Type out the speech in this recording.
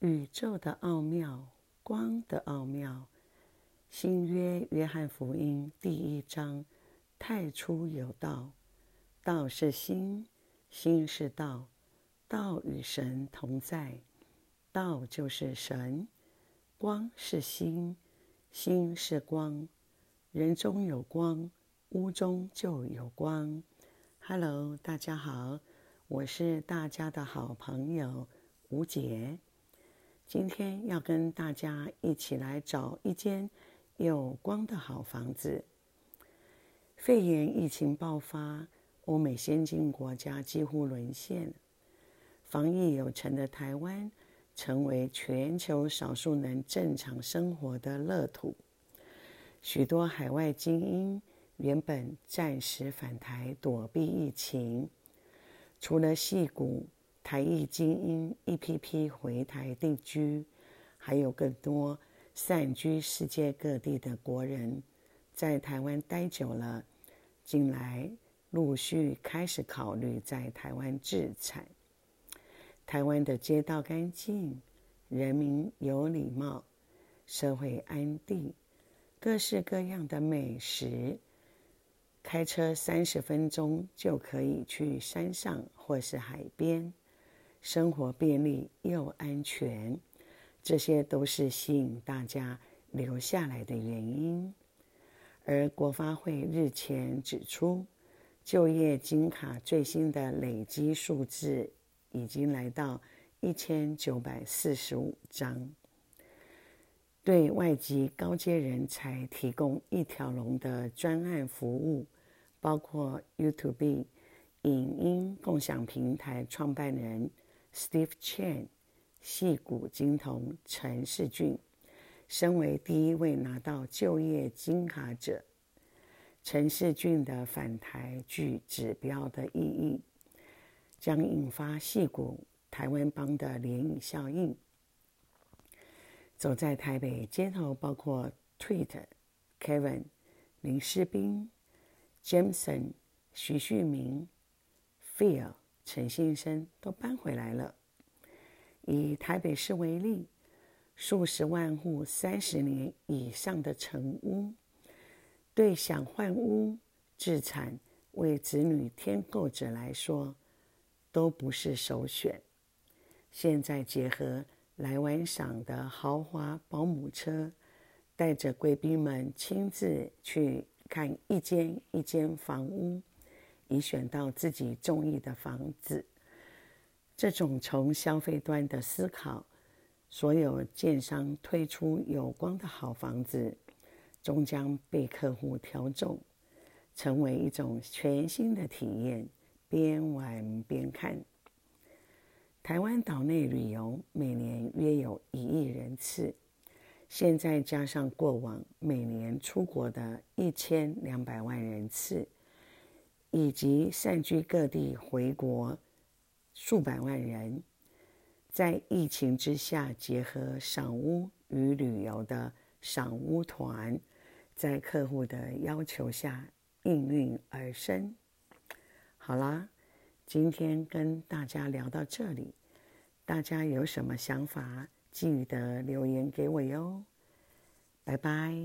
宇宙的奧妙，光的奧妙，《新約·約翰福音》第一章：“太初有道，道是心，心是道，道與神同在，道就是神。光是心，心是光。人中有光，屋中就有光。” Hello，大家好，我是大家的好朋友吳姐。今天要跟大家一起來找一間有光的好房子。肺炎疫情爆發，歐美先進國家幾乎淪陷，防疫有成的台灣成為全球少數能正常生活的樂土。許多海外菁英原本暫時返台躲避疫情，除了矽谷。台裔菁英一批批回台定居，還有更多散居世界各地的國人，在台灣待久了，近來陸續開始考慮在台灣置產。台灣的街道乾淨，人民有禮貌，社會安定，各式各樣的美食，開車三十分鐘就可以去山上或是海邊。生活便利又安全，這些都是吸引大家留下來的原因。而國發會日前指出，就業金卡最新的累積數字已經來到一千九百四十五張。對外籍高階人才提供一條龍的專案服務，包括 YouTube 影音共享平台創辦人。Steve Chen 矽谷金童陳士駿，身為第一位拿到就業金卡者，陳士駿的返台具指標的意義，將引發矽谷台灣幫的漣漪效應。走在台北街頭，包括 Twitch Kevin 林士斌 Jameson 徐旭明 Phil 陳信生都搬回來了。以台北市為例，數十萬戶三十年以上的成屋，對想換屋、置產、為子女添購者來說，都不是首選。現在結合來玩賞的豪華保姆車，帶着貴賓們親自去看一間一間房屋。以選到自己中意的房子，這種從消費端的思考，所有建商推出有光的好房子，終將被客戶挑中，成為一種全新的體驗，邊玩邊看。台灣島內旅遊每年約有一億人次，現在加上過往每年出國的一千兩百萬人次。以及散居各地回國數百萬人，在疫情之下，結合賞屋與旅遊的賞屋團，在客戶的要求下應運而生。好啦，今天跟大家聊到這裡，大家有什麼想法，記得留言給我喲。拜拜。